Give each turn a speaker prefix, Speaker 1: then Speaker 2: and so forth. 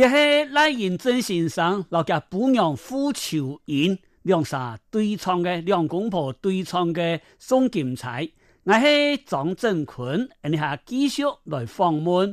Speaker 1: 啲係賴仁政先生，劉家姑娘傅秋英、兩儕對唱嘅，兩公婆對唱嘅《送金釵》，啲係張振坤，而且繼續來訪問。